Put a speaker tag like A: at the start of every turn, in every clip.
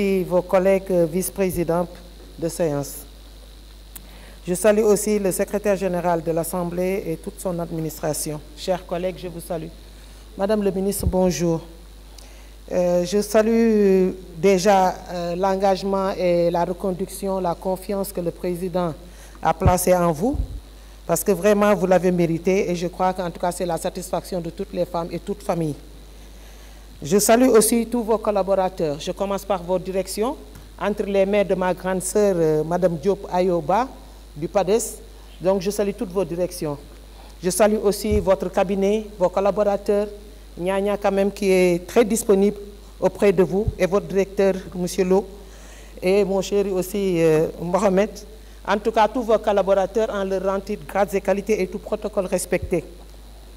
A: aussi vos collègues vice-présidents de séance. Je salue aussi le secrétaire général de l'Assemblée et toute son administration. Chers collègues, je vous salue. Madame le ministre, bonjour. Euh, je salue déjà euh, l'engagement et la reconduction, la confiance que le président a placée en vous, parce que vraiment vous l'avez mérité et je crois qu'en tout cas c'est la satisfaction de toutes les femmes et toute famille. Je salue aussi tous vos collaborateurs. Je commence par vos directions, entre les mains de ma grande sœur, euh, Madame Diop Ayoba, du PADES. Donc je salue toutes vos directions. Je salue aussi votre cabinet, vos collaborateurs, Nyanya quand même qui est très disponible auprès de vous, et votre directeur, Monsieur Lo, et mon chéri aussi, euh, Mohamed. En tout cas, tous vos collaborateurs en leur rendant grades et qualités et tout protocole respecté.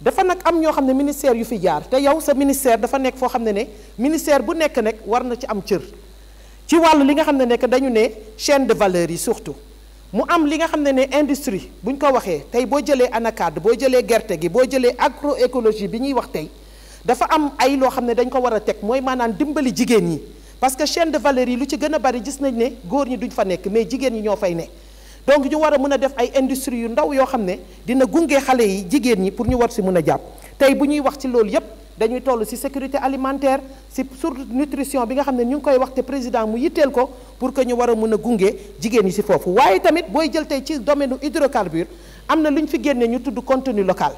A: dafa nag am ñoo xam ne ministère yu fi jaar te yow sa ministère dafa nekk foo xam ne ne ministère bu nekk nag war na ci am cër ci wàllu li nga xam ne nekk dañu ne chaine de valeur yi surtout mu am li nga xam ne ne industrie bu ñu ko waxee tey boo jëlee anacarde boo jëlee gerte gi boo jëlee agro écologie bi ñuy wax tey dafa am ay loo xam ne dañ ko war a teg mooy maanaam dimbali jigéen ñi parce que chaîne de valeur yi lu ci gën a bari gis ne góor ñi duñ fa nekk mais jigéen ñi ñoo fay ne donc ñu war a mën a def ay industrie yu ndaw yoo xam ne dina gunge xale yi jigéen ñi pour ñu war si mën a jàpp tey bu ñuy wax ci loolu yépp dañuy toll si sécurité alimentaire si sur nutrition bi nga xam ne ñu ngi koy wax te président mu yitteel ko pour que ñu war a mën a gunge jigéen ñi si foofu waaye tamit booy jël tey ci domaine hydrocarbure am na lu ñu fi génnee ñu tudd contenu local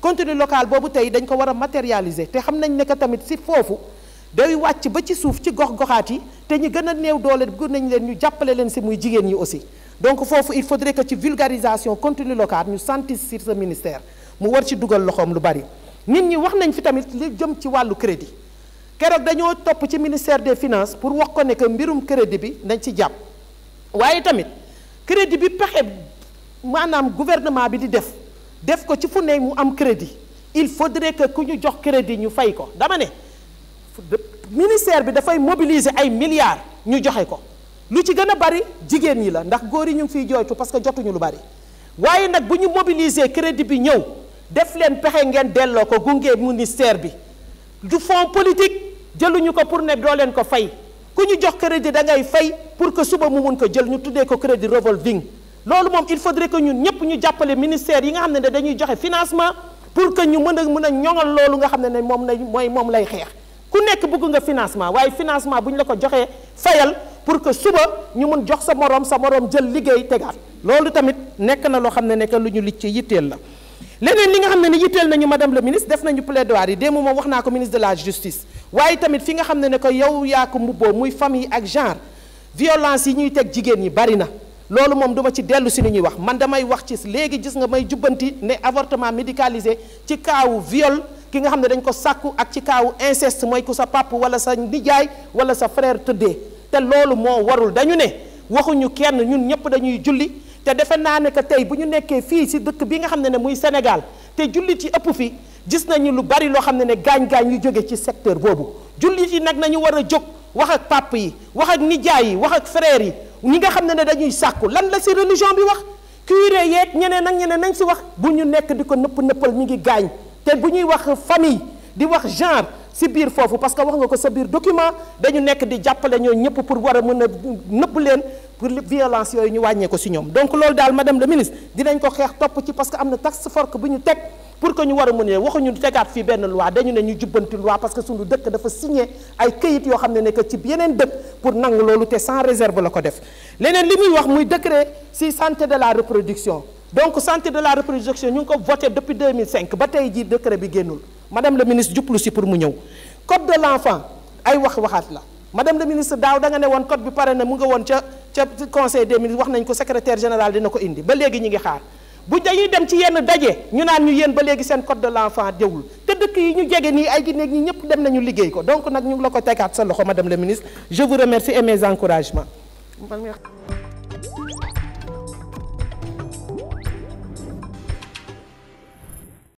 A: contenu local boobu tey dañ ko war a matérialiser te xam nañ ne que tamit si foofu day wàcc ba ci suuf ci gox goxaat yi te ñu gën a néew doole gën nañ leen ñu jàppale leen si muy jigéen ñi aussi donc foofu il faudrait que ci vulgarisation continue locale ñu santi sur ce ministère mu war ci dugal loxoom lu bari nit ñi wax nañ fi tamit li jëm ci wàllu crédit keroog dañoo topp ci ministère des finances pour wax ko ne que mbirum crédit bi nañ ci jàpp waaye tamit crédit bi pexe maanaam gouvernement bi di def def ko ci fu ne mu am crédit il faut faudrait que ku ñu jox crédit ñu fay ko dama ne ministère bi dafay mobiliser ay milliards ñu joxe ko lu ci gën a bari jigéen ñi la ndax góor yi ñu ngi fiy jooytu parce que jotuñu lu bari waaye nag bu ñu mobiliser crédit bi ñëw def leen pexe ngeen delloo ko gunge ministère bi du fonds politique jëluñu ko pour ne doo leen ko fay ku ñu jox crédit da ngay fay pour que suba mu mun ko jël ñu tuddee ko crédit revolving loolu moom il faudrait que ñun ñëpp ñu jàppale ministère yi nga xam ne ne dañuy joxe financement pour que ñu mën a mën a ñoŋal loolu nga xam ne ne moom lay mooy moom lay xeex ku nekk bëgg nga financement waaye financement bu ñu la ko joxee fayal pour que suba ñu mun jox sa moroom sa moroom jël liggéey tegaat loolu tamit nekk na loo xam ne nekk lu ñu licc yi yitteel la leneen li nga xam ne ne yitteel nañu ma le ministre def nañu plaidoirie yi démb moom wax naa ko ministre de la justice waaye tamit fi nga xam ne ne ko yow yaa ko mbubboo muy famille ak genre violence yi ñuy teg jigéen ñi bari na loolu moom duma ci dellu si lu ñuy wax man damay wax ci léegi gis nga may jubbanti ne avortement médicalisé ci kaawu viol ki nga xam ne dañ ko sàkku ak ci kaawu inceste mooy ku sa pàpp wala sa nijaay wala sa frère tëddee te loolu moo warul dañu ne waxuñu kenn ñun ñëpp dañuy julli te defe naa ne que tey bu ñu nekkee fii si dëkk bi nga xam ne ne muy Sénégal te julli ci ëpp fi gis nañu lu bari loo xam ne ne gaañ-gaañ yu jóge ci secteur boobu julli yi nag nañu war a jóg wax ak pàpp yi wax ak nijaay yi wax ak frère yi ñi nga xam ne ne dañuy sàkku lan la si religion bi wax curé yeeg ñeneen ak ñeneen nañ si wax bu ñu nekk di ko nëpp nëppal ñu ngi gaañ te bu ñuy wax famille di wax genre si biir foofu parce que wax nga ko sa biir document dañu nekk di jàppale ñoo ñëpp pour war a mën a nëbb leen pour violence yooyu ñu wàññee ko si ñoom donc loolu daal madame la ministre dinañ ko xeex topp ci parce que am na task force bu ñu teg pour que ñu war a mën a waxuñu tegaat fii benn loi dañu ne ñu jubbanti loi parce que suñu dëkk dafa signé ay këyit yoo xam ne ne ci yeneen dëkk pour nangu loolu te sans réserve la ko def leneen li muy wax muy décret si santé de la reproduction ñu ngi ko voté depuis 2005 ba tey jii décret bi génnul madame la ministre jublu si pour mu ñëw code de l'enfant ay wax waxaat la madame le ministre daaw da nga ne woon code bi pare na mu nga woon ca ca conseil des ministres wax nañ ko secrétaire général dina ko indi ba léegi ñu ngi xaar bu dañuy dem ci yenn daje ñu naan ñu yéen ba léegi seen code de l'enfant jëwul te dëkk yi ñu jege nii ay gineeg ñi ñëpp dem nañu liggéey ko donc nag ñu la ko tegaat sa loxo madame le ministre je vous remercie et mes encouragements